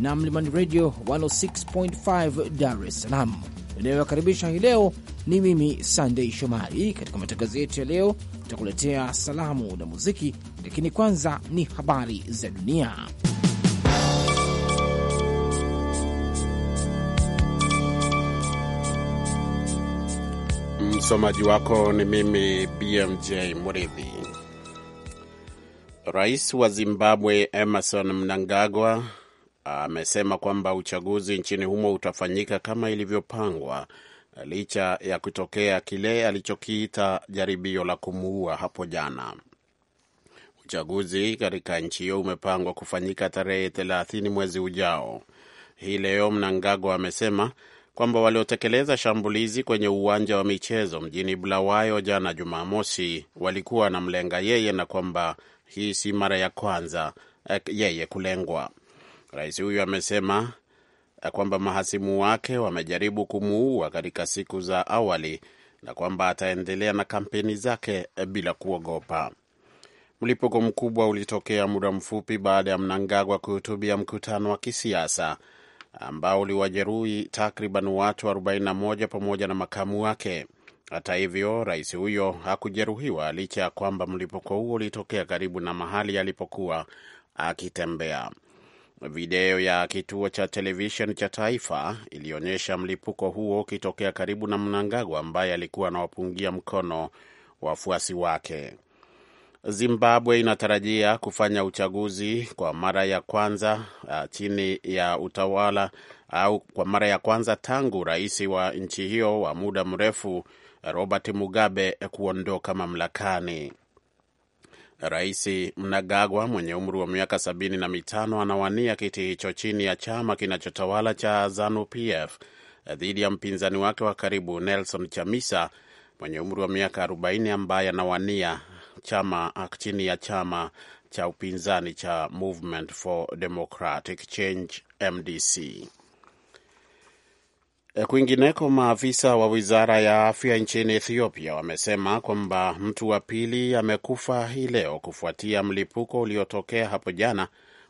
na Mlimani Radio 106.5 Dar es Salaam inayowakaribisha hii leo. Ni mimi Sandei Shomari. Katika matangazo yetu ya leo, tutakuletea salamu na muziki, lakini kwanza ni habari za dunia. Msomaji wako ni mimi BMJ Muridhi. Rais wa Zimbabwe Emerson Mnangagwa amesema kwamba uchaguzi nchini humo utafanyika kama ilivyopangwa licha ya kutokea kile alichokiita jaribio la kumuua hapo jana. Uchaguzi katika nchi hiyo umepangwa kufanyika tarehe thelathini mwezi ujao. Hii leo Mnangagwa amesema kwamba waliotekeleza shambulizi kwenye uwanja wa michezo mjini Bulawayo jana Jumamosi walikuwa wanamlenga yeye na kwamba hii si mara ya kwanza eh, yeye kulengwa. Rais huyu amesema kwamba mahasimu wake wamejaribu kumuua katika siku za awali na kwamba ataendelea na kampeni zake eh, bila kuogopa. Mlipuko mkubwa ulitokea muda mfupi baada ya Mnangagwa kuhutubia mkutano wa kisiasa ambao uliwajeruhi takriban watu 41 pamoja na makamu wake. Hata hivyo, rais huyo hakujeruhiwa licha ya kwamba mlipuko huo ulitokea karibu na mahali alipokuwa akitembea. Video ya kituo cha televisheni cha taifa ilionyesha mlipuko huo ukitokea karibu na Mnangagwa ambaye alikuwa anawapungia mkono wafuasi wake. Zimbabwe inatarajia kufanya uchaguzi kwa mara ya kwanza uh, chini ya utawala au kwa mara ya kwanza tangu rais wa nchi hiyo wa muda mrefu Robert Mugabe kuondoka mamlakani. Rais Mnagagwa mwenye umri wa miaka sabini na mitano anawania kiti hicho chini ya chama kinachotawala cha Zanu-PF eh, dhidi ya mpinzani wake wa karibu Nelson Chamisa mwenye umri wa miaka 40 ambaye anawania chama ah, chini ya chama cha upinzani cha Movement for Democratic Change MDC. Eh, kwingineko, maafisa wa wizara ya afya nchini Ethiopia wamesema kwamba mtu wa pili amekufa hii leo kufuatia mlipuko uliotokea hapo jana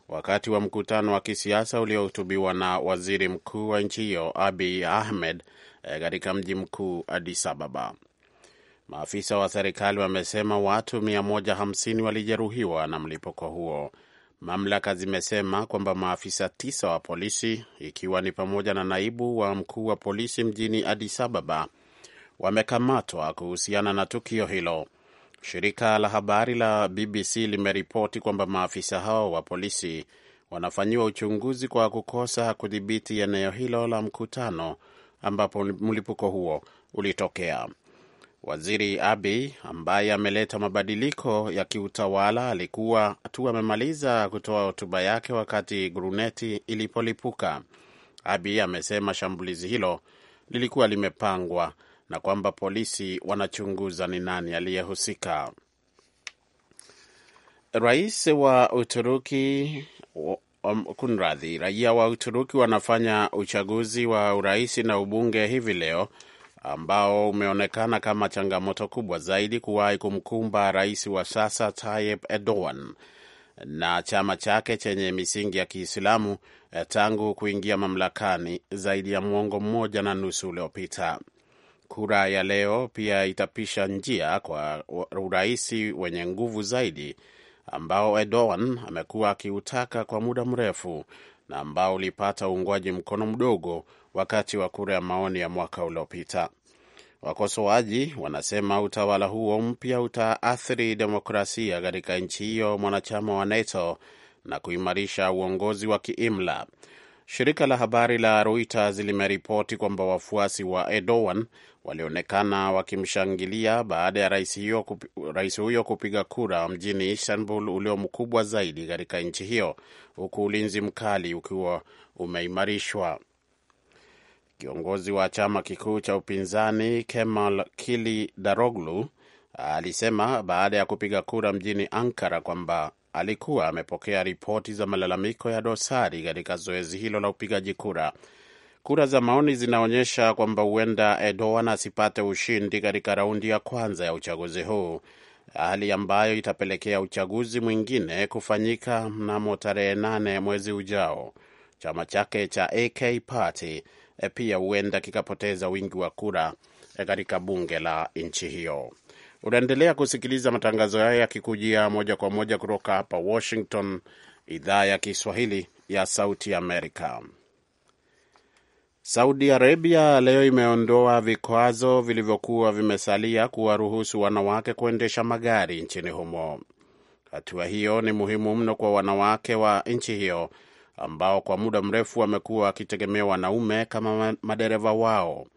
wakati wa mkutano wa kisiasa uliohutubiwa na waziri mkuu wa nchi hiyo abi Ahmed eh, katika mji mkuu Addis Ababa. Maafisa wa serikali wamesema watu 150 walijeruhiwa na mlipuko huo. Mamlaka zimesema kwamba maafisa tisa wa polisi ikiwa ni pamoja na naibu wa mkuu wa polisi mjini Addis Ababa wamekamatwa kuhusiana na tukio hilo. Shirika la habari la BBC limeripoti kwamba maafisa hao wa polisi wanafanyiwa uchunguzi kwa kukosa kudhibiti eneo hilo la mkutano ambapo mlipuko huo ulitokea. Waziri Abi ambaye ameleta mabadiliko ya kiutawala alikuwa tu amemaliza kutoa hotuba yake wakati gruneti ilipolipuka. abi amesema shambulizi hilo lilikuwa limepangwa na kwamba polisi wanachunguza ni nani aliyehusika. Rais wa Uturuki um, kunradhi, raia wa Uturuki wanafanya uchaguzi wa urais na ubunge hivi leo ambao umeonekana kama changamoto kubwa zaidi kuwahi kumkumba rais wa sasa Tayyip Erdogan na chama chake chenye misingi ya Kiislamu eh, tangu kuingia mamlakani zaidi ya mwongo mmoja na nusu uliopita. Kura ya leo pia itapisha njia kwa uraisi wenye nguvu zaidi ambao Erdogan amekuwa akiutaka kwa muda mrefu na ambao ulipata uungwaji mkono mdogo wakati wa kura ya maoni ya mwaka uliopita. Wakosoaji wanasema utawala huo mpya utaathiri demokrasia katika nchi hiyo mwanachama wa NATO na kuimarisha uongozi wa kiimla. Shirika la habari la Reuters limeripoti kwamba wafuasi wa Erdogan walionekana wakimshangilia baada ya rais huyo kupiga kura mjini Istanbul, ulio mkubwa zaidi katika nchi hiyo, huku ulinzi mkali ukiwa umeimarishwa. Kiongozi wa chama kikuu cha upinzani Kemal kili daroglu alisema baada ya kupiga kura mjini Ankara kwamba alikuwa amepokea ripoti za malalamiko ya dosari katika zoezi hilo la upigaji kura. Kura za maoni zinaonyesha kwamba huenda Erdogan asipate ushindi katika raundi ya kwanza ya uchaguzi huu, hali ambayo itapelekea uchaguzi mwingine kufanyika mnamo tarehe nane mwezi ujao. Chama chake cha AK Party E, pia huenda kikapoteza wingi wa kura e, katika bunge la nchi hiyo. Unaendelea kusikiliza matangazo haya yakikujia moja kwa moja kutoka hapa Washington, idhaa ya Kiswahili ya Sauti Amerika. Saudi Arabia leo imeondoa vikwazo vilivyokuwa vimesalia kuwaruhusu wanawake kuendesha magari nchini humo. Hatua hiyo ni muhimu mno kwa wanawake wa nchi hiyo ambao kwa muda mrefu wamekuwa wakitegemea wanaume kama madereva wao.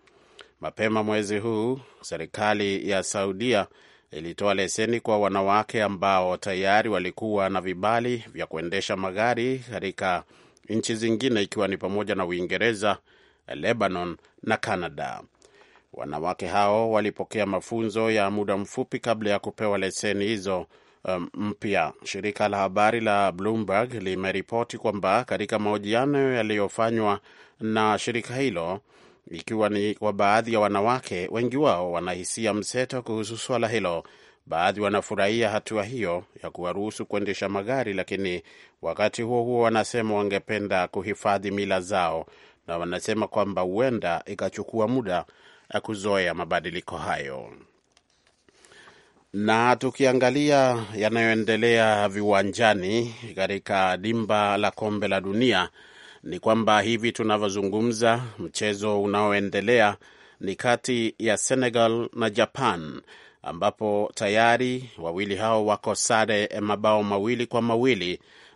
Mapema mwezi huu serikali ya Saudia ilitoa leseni kwa wanawake ambao tayari walikuwa na vibali vya kuendesha magari katika nchi zingine ikiwa ni pamoja na Uingereza, Lebanon na Canada. Wanawake hao walipokea mafunzo ya muda mfupi kabla ya kupewa leseni hizo Um, mpya. Shirika la habari la Bloomberg limeripoti kwamba katika mahojiano yaliyofanywa na shirika hilo, ikiwa ni kwa baadhi ya wanawake, wengi wao wanahisia mseto kuhusu swala hilo. Baadhi wanafurahia hatua hiyo ya kuwaruhusu kuendesha magari, lakini wakati huo huo wanasema wangependa kuhifadhi mila zao, na wanasema kwamba huenda ikachukua muda ya kuzoea mabadiliko hayo. Na tukiangalia yanayoendelea viwanjani katika dimba la kombe la dunia ni kwamba hivi tunavyozungumza, mchezo unaoendelea ni kati ya Senegal na Japan, ambapo tayari wawili hao wako sare eh, mabao mawili kwa mawili.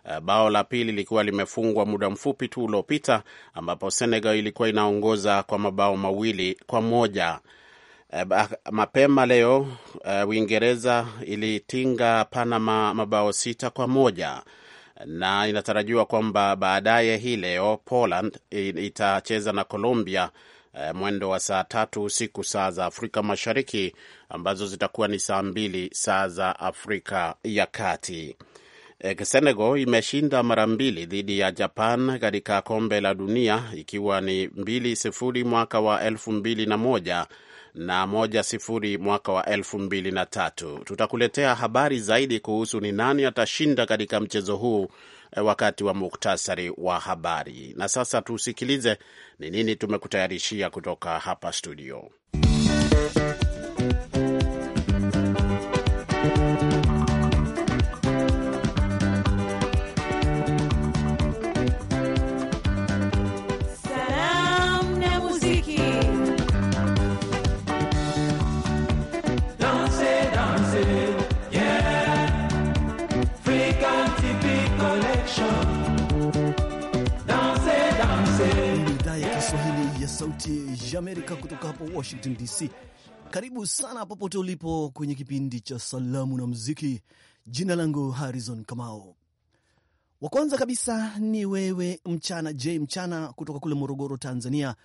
Eh, bao la pili likiwa limefungwa muda mfupi tu uliopita, ambapo Senegal ilikuwa inaongoza kwa mabao mawili kwa moja. Eh, mapema leo eh, Uingereza ilitinga Panama mabao sita kwa moja na inatarajiwa kwamba baadaye hii leo Poland itacheza na Colombia uh, mwendo wa saa tatu usiku saa za Afrika Mashariki, ambazo zitakuwa ni saa mbili saa za Afrika ya Kati. Senegal imeshinda mara mbili dhidi ya Japan katika kombe la dunia ikiwa ni mbili sifuri mwaka wa elfu mbili na moja na moja sifuri mwaka wa elfu mbili na tatu. Tutakuletea habari zaidi kuhusu ni nani atashinda katika mchezo huu eh, wakati wa muktasari wa habari. Na sasa tusikilize ni nini tumekutayarishia kutoka hapa studio. Sauti ya Amerika kutoka hapo Washington DC. Karibu sana popote ulipo kwenye kipindi cha Salamu na Muziki. Jina langu Harrison Kamao. Wa kwanza kabisa ni wewe Mchana J Mchana kutoka kule Morogoro, Tanzania.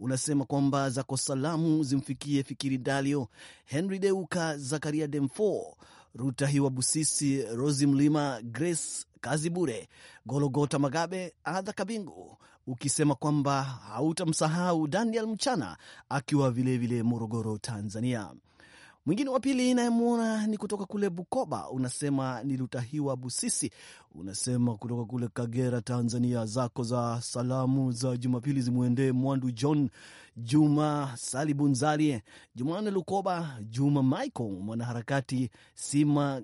Unasema kwamba zako salamu zimfikie Fikiri Dalio, Henry Deuka, Zakaria Demfo, Ruta Hiwa Busisi, Rosi Mlima, Grace Kazi Bure, Gologota Magabe, Adha Kabingu, ukisema kwamba hautamsahau Daniel Mchana akiwa vilevile vile Morogoro, Tanzania. Mwingine wa pili inayemwona ni kutoka kule Bukoba, unasema ni Lutahiwa Busisi, unasema kutoka kule Kagera, Tanzania. Zako za salamu za Jumapili zimwendee Mwandu John Juma, Salibunzali, Jumane Lukoba, Juma Michael mwanaharakati, Sima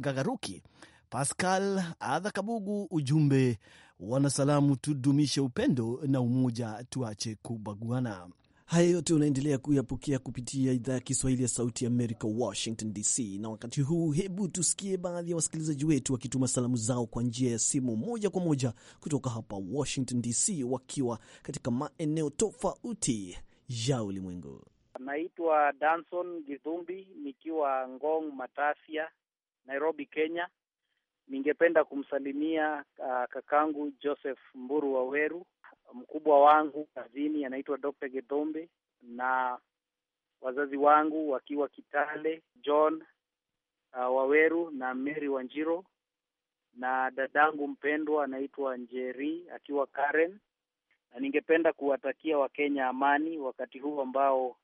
gagaruki Pascal Adha Kabugu. Ujumbe wanasalamu, tudumishe upendo na umoja, tuache kubaguana. Haya yote unaendelea kuyapokea kupitia idhaa ya Kiswahili ya Sauti ya Amerika, Washington DC. Na wakati huu, hebu tusikie baadhi ya wasikilizaji wetu wakituma salamu zao kwa njia ya simu moja kwa moja kutoka hapa Washington DC, wakiwa katika maeneo tofauti ya ulimwengu. Naitwa Danson gidhumbi nikiwa Ngong Matasia, Nairobi, Kenya ningependa kumsalimia uh, kakangu Joseph Mburu Waweru, mkubwa wangu kazini anaitwa Dr. Gedhombe, na wazazi wangu wakiwa Kitale, John uh, Waweru na Mary Wanjiro, na dadangu mpendwa anaitwa Njeri akiwa Karen, na ningependa kuwatakia Wakenya amani wakati huu ambao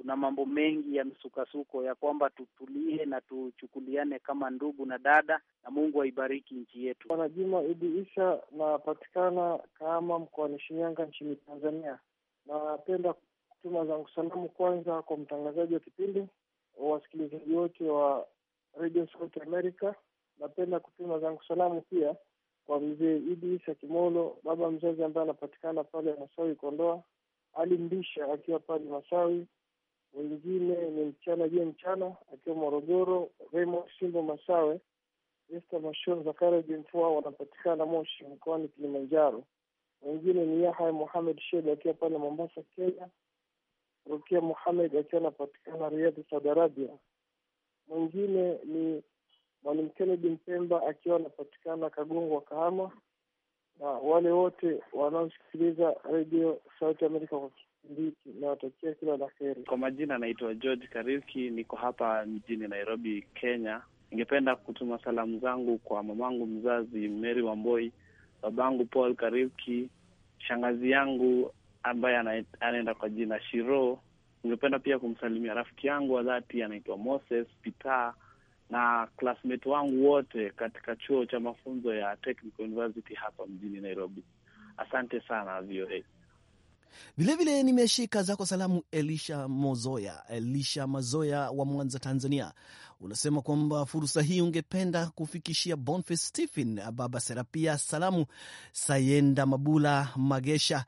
kuna mambo mengi ya msukasuko ya kwamba tutulie na tuchukuliane kama ndugu na dada, na Mungu aibariki nchi yetu. Bwana Juma Idi Isa, napatikana kama mkoani Shinyanga nchini Tanzania. Napenda kutuma zangu salamu kwanza kwa mtangazaji wa kipindi, wasikilizaji wote wa Radio South America. Napenda kutuma zangu salamu pia kwa mzee Idi Isa Kimolo, baba mzazi ambaye anapatikana pale Masawi Kondoa, Ali Mbisha akiwa pale Masawi Mwingine ni mchana jue mchana akiwa Morogoro, Remo Shimbo Masawe, Esta Mashon Zakaria Jemfua wanapatikana Moshi mkoani Kilimanjaro. Mwingine ni Yahya Muhamed shed akiwa pale Mombasa, Kenya. Rukia Muhamed akiwa anapatikana Riadhi, Saudi Arabia. Mwingine ni Mwalimu Kennedy Mpemba akiwa anapatikana Kagongwa, Kahama. Na wale wote wanaosikiliza redio Sauti Amerika kwa mbichi nawatakia kila la heri. Kwa majina anaitwa George Kariki, niko hapa mjini Nairobi, Kenya. Ningependa kutuma salamu zangu kwa mamangu mzazi Mary Wamboi, babangu Paul Kariki, shangazi yangu ambaye anaenda kwa jina Shiro. Ningependa pia kumsalimia rafiki yangu wa dhati anaitwa Moses Peter na classmate wangu wote katika chuo cha mafunzo ya Technical University hapa mjini Nairobi. Asante sana VOA. Vilevile nimeshika zako salamu Elisha Mozoya, Elisha Mazoya wa Mwanza, Tanzania. Unasema kwamba fursa hii ungependa kufikishia Boniface Stephen, Baba Serapia, salamu Sayenda Mabula, Magesha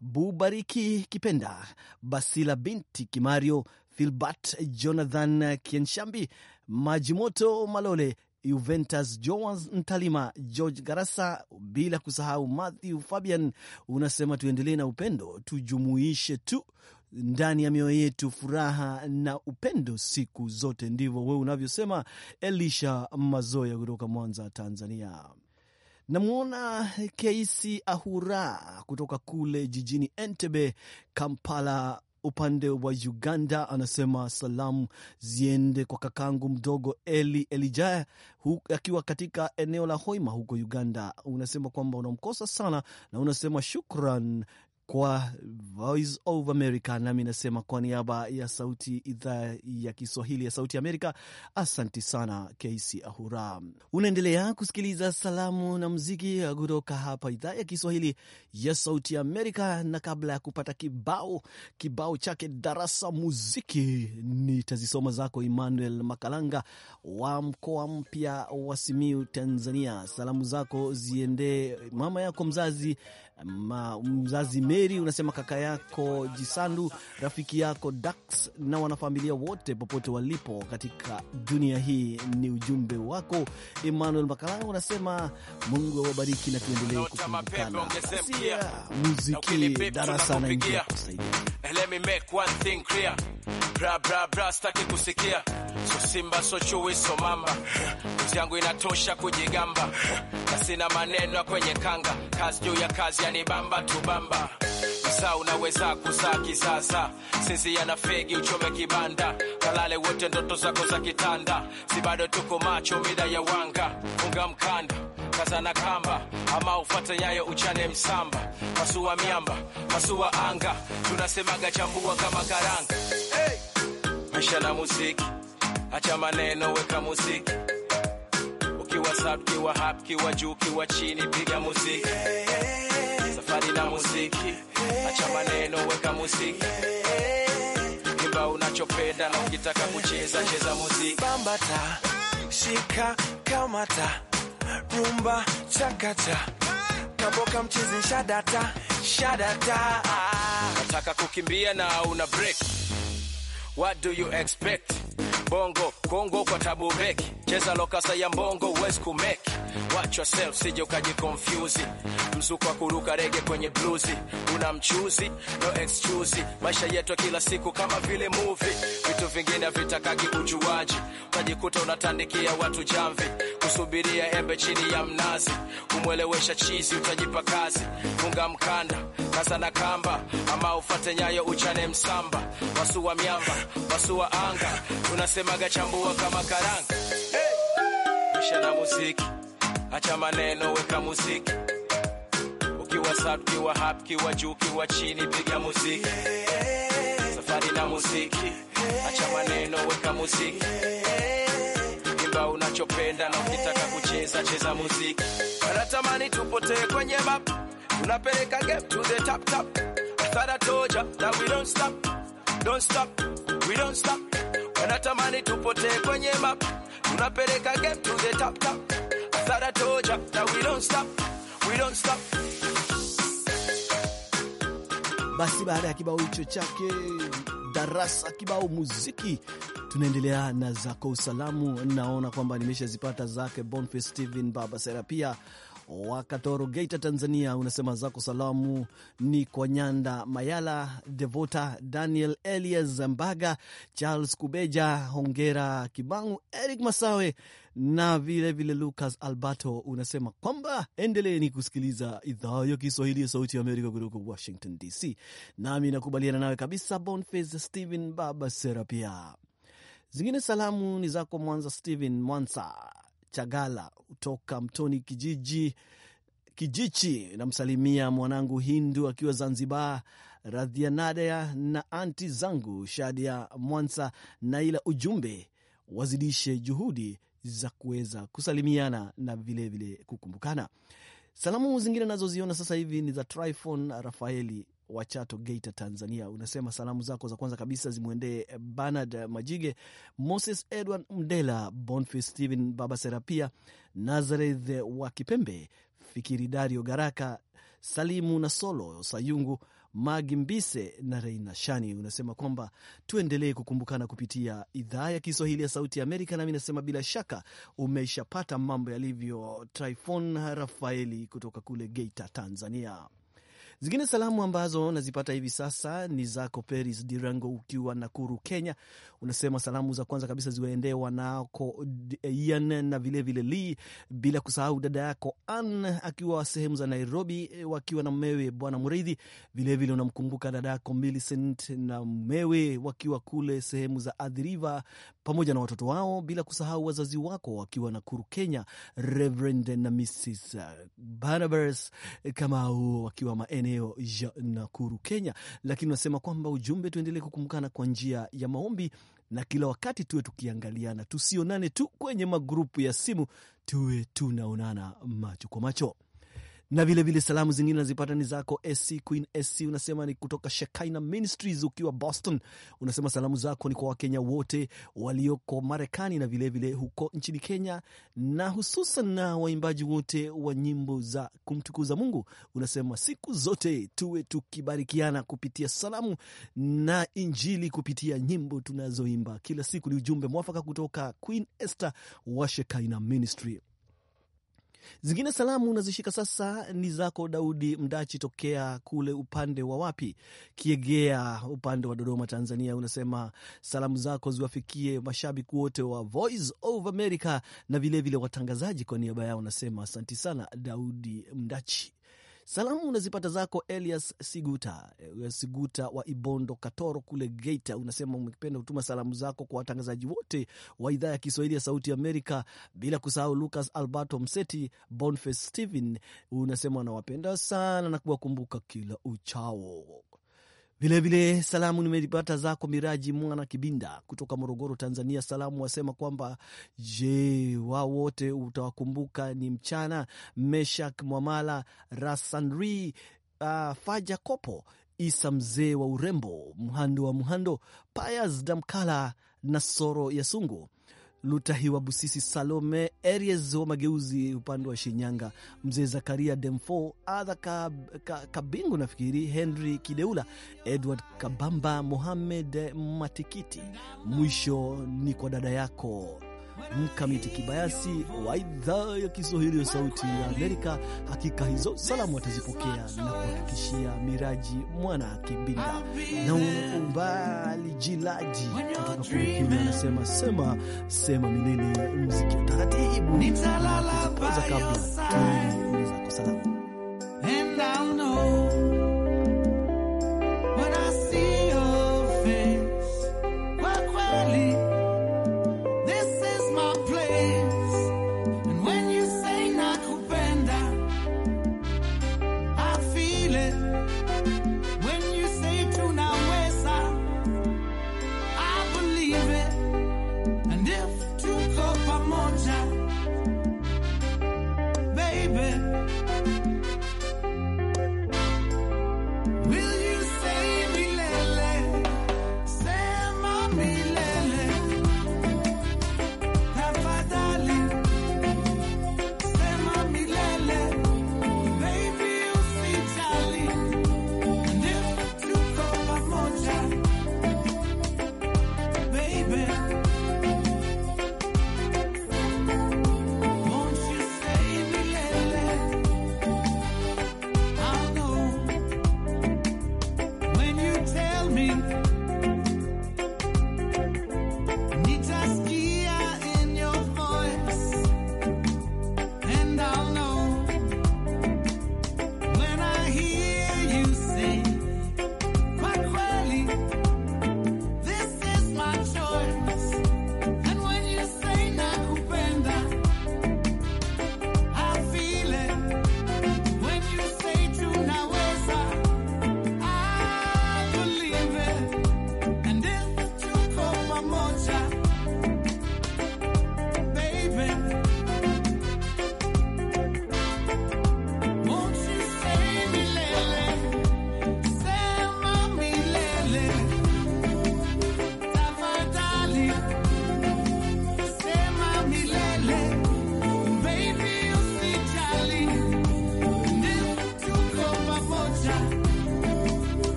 Bubariki, Kipenda Basila, binti Kimario, Filbert Jonathan Kienshambi, Majimoto Malole, Juventus Joas Ntalima, George Garasa, bila kusahau Matthew Fabian. Unasema tuendelee na upendo, tujumuishe tu ndani ya mioyo yetu furaha na upendo siku zote. Ndivyo wewe unavyosema, Elisha Mazoya kutoka Mwanza, Tanzania. Namwona Keisi Ahura kutoka kule jijini Entebbe, Kampala, upande wa Uganda anasema salamu ziende kwa kakangu mdogo Eli Elijaya akiwa katika eneo la Hoima huko Uganda. Unasema kwamba unamkosa sana na unasema shukran kwa Voice of America, nami nasema kwa niaba ya sauti idhaa ya Kiswahili ya Sauti Amerika, asanti sana Keisi Ahura. Unaendelea kusikiliza salamu na muziki kutoka hapa idhaa ya Kiswahili ya Sauti Amerika, na kabla ya kupata kibao kibao chake darasa muziki, nitazisoma zako Emmanuel Makalanga wa mkoa mpya wa Simiu, Tanzania. Salamu zako ziendee mama yako mzazi Ma, mzazi Meri unasema kaka yako Jisandu, rafiki yako Dax na wanafamilia wote popote walipo katika dunia hii. Ni ujumbe wako Emmanuel Makala, unasema Mungu awabariki na tuendelee kukumbukana. Sia uh, muziki darasa na ingia kusaidia Bra, bra, bra, staki kusikia so simba so chui so mamba yangu inatosha kujigamba na sina maneno kwenye kanga kazi juu ya kazi ni bamba tu bamba sa unaweza kusaki sasa sisi yana fegi uchome kibanda kalale wote ndoto zako za kitanda si bado tuko macho mida ya wanga unga mkanda na kamba ama ufata nyayo uchane msamba masuwa miamba masuwa anga tunasemaga chambua kama karanga hey! maisha na muziki acha maneno weka muziki ukiwa sab kiwa hap kiwa juu kiwa chini piga muziki hey, hey burudani na muziki. Acha maneno, weka muziki, imba unachopenda, na ukitaka kucheza cheza muziki. Bambata, shika, kamata, rumba, chakata, kaboka, mchizi, shadata, shadata. Nataka kukimbia na una break, what do you expect? Bongo Bongo kwa tabu beki, cheza lokasa ya mbongo uwezi kumeki. Watch yourself sije ukaji confuse, mzuko wa kuruka rege kwenye bluzi, una mchuzi no excuse. Maisha yetu kila siku kama vile movie, vitu vingine vitakaki ujuaji, utajikuta unatandikia watu jamvi, kusubiria embe chini ya mnazi, kumwelewesha chizi, utajipa kazi, funga mkanda kaza na kamba, ama ufate nyayo uchane msamba, wa miamba, wa anga, tunasemaga chambu kuwa kama karanga hey. Misha na muziki, acha maneno, weka muziki. Ukiwa sub, kiwa hap, kiwa juu, kiwa chini, piga muziki hey. Safari na muziki hey. Acha maneno, weka muziki hey. Imba unachopenda na ukitaka kucheza, cheza muziki. Anatamani tupotee kwenye map, unapeleka game to the top top. I thought I told ya that we don't stop, don't stop, we don't stop wanatamani tupotee kwenye map, tunapeleka game to the top top. Zara toja na we don't stop, we don't stop. Basi baada ya kibao hicho chake darasa kibao muziki, tunaendelea na zako usalamu. Naona kwamba nimeshazipata zake Boniface Steven Baba Serapia wa Katoro, Geita, Tanzania, unasema zako salamu ni kwa Nyanda Mayala, Devota Daniel, Elias Mbaga, Charles Kubeja, Hongera Kibangu, Eric Masawe na vilevile vile Lucas Alberto. Unasema kwamba endeleeni kusikiliza idhaa ya Kiswahili ya Sauti ya Amerika kutoka Washington DC, nami nakubaliana nawe kabisa. Boniface Stephen Baba Serapia, zingine salamu ni zako Mwanza Stephen Mwansa Chagala kutoka Mtoni kijiji Kijichi. Namsalimia mwanangu Hindu akiwa Zanzibar, Nadea na anti zangu Shadia Mwansa na ila ujumbe wazidishe juhudi za kuweza kusalimiana na vilevile kukumbukana. Salamu zingine nazoziona sasa hivi ni za Tryphon Rafaeli wa Chato, Geita, Tanzania. Unasema salamu zako za kwanza kabisa zimwendee eh, Bernard Majige, Moses Edward Mdela, Bonface Stephen, Baba Serapia, Nazareth wa Kipembe, Fikiri Dario Garaka, Salimu na Solo Sayungu, Magi Mbise na Reina Shani. Unasema kwamba tuendelee kukumbukana kupitia idhaa ya Kiswahili ya Sauti ya Amerika, nami nasema bila shaka umeshapata mambo yalivyo. Tryfon Rafaeli kutoka kule Geita, Tanzania. Zingine salamu ambazo nazipata hivi sasa ni zako Peris Dirango ukiwa Nakuru, Kenya. Unasema salamu za kwanza kabisa ziwaendee wanako Ian na vilevile Li, bila kusahau dada yako Ann akiwa sehemu za Nairobi e, wakiwa na mmewe Bwana Mridhi. Vilevile unamkumbuka dada yako Millicent na mmewe wakiwa kule sehemu za Adhiriva pamoja na watoto wao, bila kusahau wazazi wako wakiwa Nakuru, Kenya, Reverend na Mrs Barnabas Kamau wakiwa maeneo maeneo ya Nakuru, Kenya. Lakini unasema kwamba ujumbe, tuendelee kukumbukana kwa njia ya maombi na kila wakati tuwe tukiangaliana, tusionane tu kwenye magrupu ya simu, tuwe tunaonana macho kwa macho na vilevile salamu zingine nazipata ni zako SC Queen SC, unasema ni kutoka Shekina Ministries ukiwa Boston. Unasema salamu zako ni kwa Wakenya wote walioko Marekani na vilevile vile huko nchini Kenya, na hususan na waimbaji wote wa nyimbo za kumtukuza Mungu. Unasema siku zote tuwe tukibarikiana kupitia salamu na Injili kupitia nyimbo tunazoimba kila siku. Ni ujumbe mwafaka kutoka Queen Esther wa Shekina Ministry. Zingine salamu unazishika sasa ni zako Daudi Mdachi tokea kule upande wa wapi, Kiegea, upande wa Dodoma, Tanzania. Unasema salamu zako ziwafikie mashabiki wote wa Voice of America na vilevile vile watangazaji. Kwa niaba yao unasema asanti sana Daudi Mdachi. Salamu unazipata zako Elias Siguta, eh, Siguta wa Ibondo Katoro kule Geita. Unasema umependa kutuma salamu zako kwa watangazaji wote wa idhaa ya Kiswahili ya Sauti Amerika, bila kusahau Lucas Alberto Mseti, Boniface Steven. Unasema anawapenda sana na kuwakumbuka kila uchao. Vilevile salamu nimezipata zako Miraji Mwana Kibinda kutoka Morogoro, Tanzania. Salamu wasema kwamba je, wao wote utawakumbuka ni mchana Meshak Mwamala, Rasanri uh, Faja Kopo, Isa mzee wa urembo, Mhando wa Mhando, Payas Damkala na Soro ya Sungu Lutahiwa Busisi, Salome Aries wa Mageuzi upande wa Shinyanga, Mzee Zakaria Demfo, Adha Kabingu, ka, nafikiri Henry Kideula, Edward Kabamba, Mohamed Matikiti. Mwisho ni kwa dada yako Mkamiti Kibayasi wa idhaa ya Kiswahili ya Sauti ya Amerika. Hakika hizo salamu atazipokea na kuhakikishia Miraji Mwana Kibinda na umbali jilaji kutoka Kuukina, anasema sema sema milele mziki utaratibu, nitalala kabla tuweza kwa salamu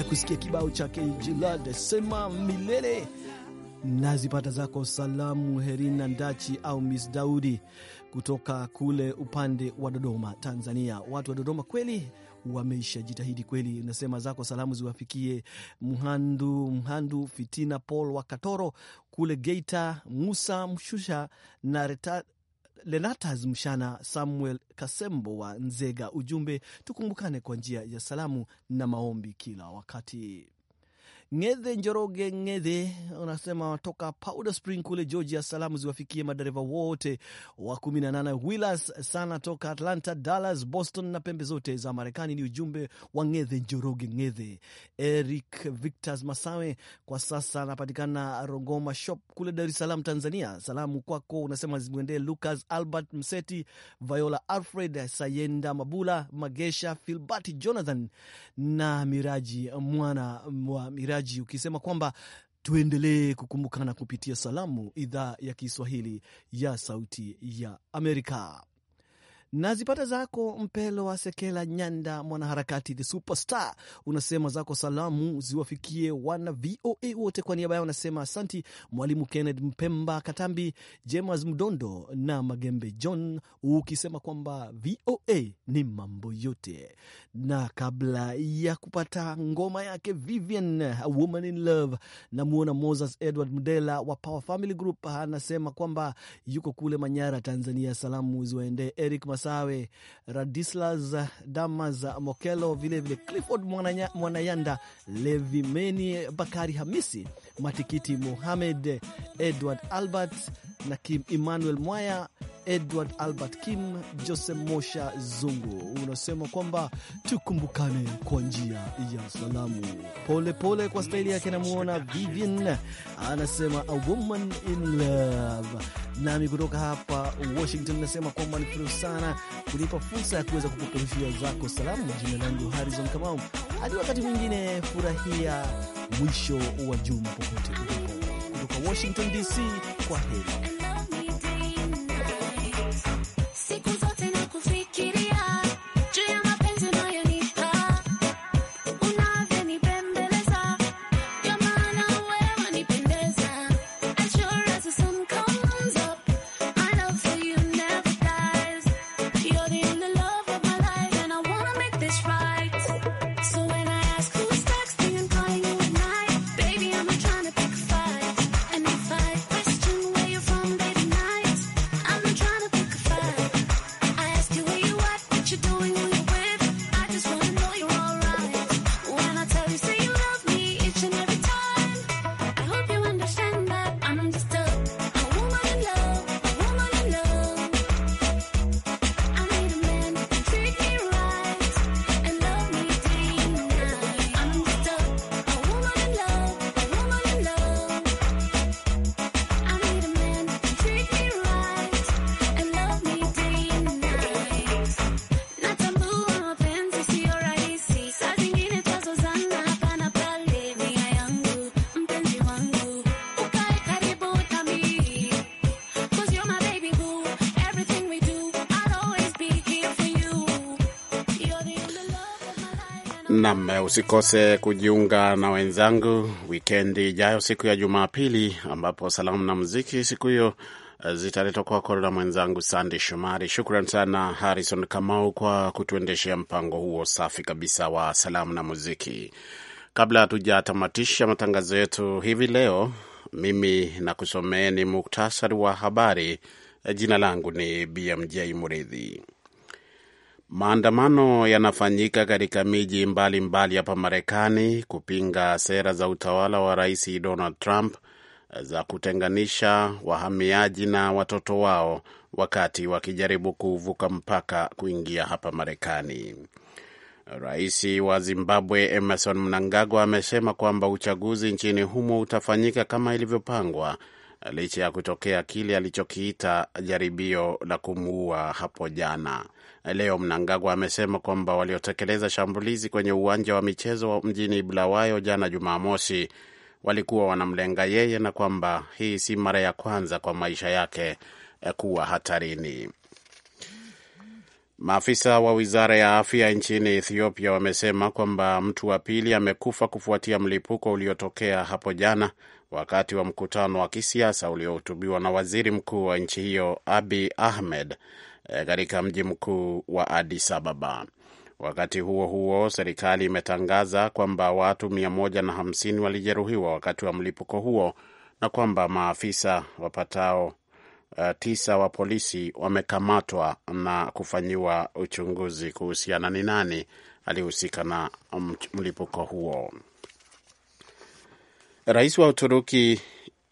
ya kusikia kibao chake Jilad sema milele nazipata zako salamu Herina Ndachi au Miss Daudi kutoka kule upande wa Dodoma, Tanzania. Watu wa Dodoma kweli wameisha jitahidi kweli. Nasema zako salamu ziwafikie Mhandu Mhandu Fitina Paul wa Katoro kule Geita, Musa Mshusha na Lenatas Mshana, Samuel Kasembo wa Nzega. Ujumbe, tukumbukane kwa njia ya salamu na maombi kila wakati. Ng'ethe Njoroge Ng'ethe unasema toka Powder Spring kule Georgia. Salamu ziwafikie madereva wote wa 18 wheelers sana toka Atlanta, Dallas, Boston na pembe zote za Marekani. Ni ujumbe wa Ng'ethe Njoroge Ng'ethe. Eric Victors Masawe kwa sasa anapatikana Rogoma Shop kule Dar es Salaam, Tanzania. Salamu kwako unasema zimwendee Lucas Albert Mseti, Viola Alfred Sayenda, Mabula Magesha, Filbert Jonathan na Miraji mwana wa Miraji msikilizaji ukisema kwamba tuendelee kukumbukana kupitia salamu idhaa ya Kiswahili ya Sauti ya Amerika na zipata zako Mpelo wa Sekela Nyanda, mwanaharakati the superstar, unasema zako salamu ziwafikie wana VOA wote. Kwa niaba yao unasema asanti Mwalimu Kenneth Mpemba Katambi, James Mdondo na Magembe John, ukisema kwamba VOA ni mambo yote. Na kabla ya kupata ngoma yake Vivian, A Woman in Love, namwona Moses Edward Mdela wa Power Family Group anasema kwamba yuko kule Manyara, Tanzania. Salamu ziwaendee Eric Mas Masawe, Radislas Damas Mokelo, vilevile Clifford Mwananya, Mwanayanda Levimeni, Bakari Hamisi Matikiti, Muhamed Edward Albert na Kim Emmanuel Mwaya, Edward Albert Kim, Joseph Mosha Zungu. Unasema kwamba tukumbukane kwa njia ya salamu. Pole pole kwa staili yake, namuona Vivian anasema a woman in love. Nami kutoka hapa Washington nasema kwamba ni sana kunipa fursa ya kuweza kupeperushia zako salamu. Jina langu Harrison Kamau, hadi wakati mwingine, furahia mwisho wa juma popote ulipo. Kutoka Washington DC, kwa heri. Nam, usikose kujiunga na wenzangu wikendi ijayo, siku ya Jumapili, ambapo salamu na muziki siku hiyo eh, zitaletwa kwako na mwenzangu Sande Shomari. Shukran sana Harrison Kamau kwa kutuendeshea mpango huo safi kabisa wa salamu na muziki. Kabla hatujatamatisha matangazo yetu hivi leo, mimi nakusomeeni muktasari wa habari. Eh, jina langu ni BMJ Muridhi. Maandamano yanafanyika katika miji mbalimbali hapa Marekani kupinga sera za utawala wa Rais Donald Trump za kutenganisha wahamiaji na watoto wao wakati wakijaribu kuvuka mpaka kuingia hapa Marekani. Rais wa Zimbabwe Emerson Mnangagwa amesema kwamba uchaguzi nchini humo utafanyika kama ilivyopangwa licha ya kutokea kile alichokiita jaribio la kumuua hapo jana. Leo Mnangagwa amesema kwamba waliotekeleza shambulizi kwenye uwanja wa michezo wa mjini Bulawayo jana Jumamosi walikuwa wanamlenga yeye na kwamba hii si mara ya kwanza kwa maisha yake eh, kuwa hatarini. Maafisa wa wizara ya afya nchini Ethiopia wamesema kwamba mtu wa pili amekufa kufuatia mlipuko uliotokea hapo jana wakati wa mkutano wa kisiasa uliohutubiwa na waziri mkuu wa nchi hiyo Abi Ahmed Eh, katika mji mkuu wa Addis Ababa. Wakati huo huo, serikali imetangaza kwamba watu 150 walijeruhiwa wakati wa mlipuko huo na kwamba maafisa wapatao Uh, tisa wa polisi wamekamatwa na kufanyiwa uchunguzi kuhusiana ni nani alihusika na mlipuko huo. Rais wa Uturuki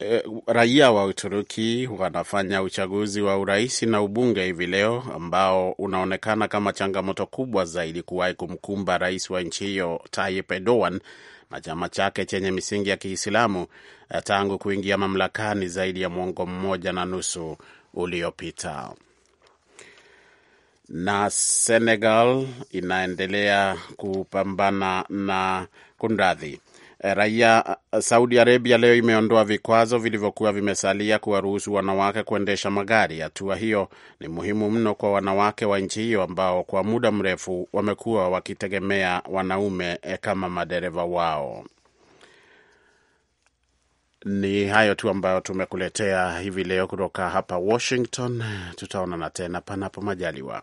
Eh, raia wa Uturuki wanafanya uchaguzi wa urais na ubunge hivi leo ambao unaonekana kama changamoto kubwa zaidi kuwahi kumkumba rais wa nchi hiyo Tayyip Erdogan na chama chake chenye misingi ya Kiislamu eh, tangu kuingia mamlakani zaidi ya mwongo mmoja na nusu uliopita. Na Senegal inaendelea kupambana na kundadhi Eh, raia. Eh, Saudi Arabia leo imeondoa vikwazo vilivyokuwa vimesalia kuwaruhusu wanawake kuendesha magari. Hatua hiyo ni muhimu mno kwa wanawake wa nchi hiyo ambao kwa muda mrefu wamekuwa wakitegemea wanaume eh, kama madereva wao. Ni hayo tu ambayo tumekuletea hivi leo kutoka hapa Washington. Tutaonana tena panapo majaliwa.